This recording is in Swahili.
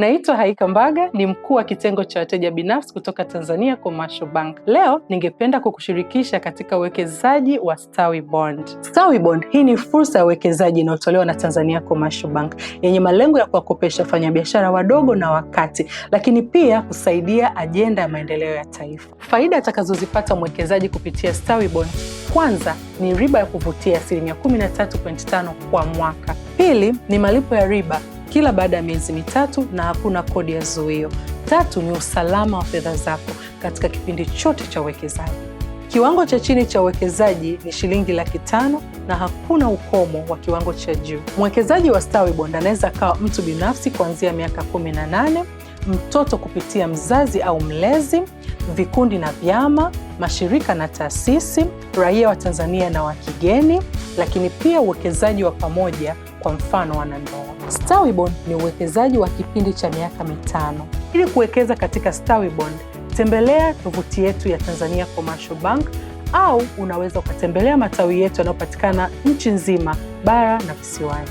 Naitwa Haika Mbaga, ni mkuu wa kitengo cha wateja binafsi kutoka Tanzania Commercial Bank. Leo ningependa kukushirikisha katika uwekezaji wa Stawi Bond. Stawi Bond hii ni fursa ya uwekezaji inayotolewa na Tanzania Commercial Bank yenye malengo ya kuwakopesha wafanyabiashara wadogo na wakati, lakini pia kusaidia ajenda ya maendeleo ya taifa. Faida atakazozipata mwekezaji kupitia Stawi Bond, kwanza ni riba ya kuvutia asilimia 13.5 kwa mwaka. Pili ni malipo ya riba kila baada ya miezi mitatu na hakuna kodi ya zuio. Tatu ni usalama wa fedha zako katika kipindi chote cha uwekezaji. Kiwango cha chini cha uwekezaji ni shilingi laki tano na hakuna ukomo wa kiwango cha juu. Mwekezaji wa Stawi Wibond anaweza akawa mtu binafsi kuanzia miaka 18, mtoto kupitia mzazi au mlezi, vikundi na vyama, mashirika na taasisi, raia wa Tanzania na wa kigeni, lakini pia uwekezaji wa pamoja, kwa mfano wanandoa. Stawibond ni uwekezaji wa kipindi cha miaka mitano. Ili kuwekeza katika Stawibond, tembelea tovuti yetu ya Tanzania Commercial Bank au unaweza ukatembelea matawi yetu yanayopatikana nchi nzima, bara na visiwani.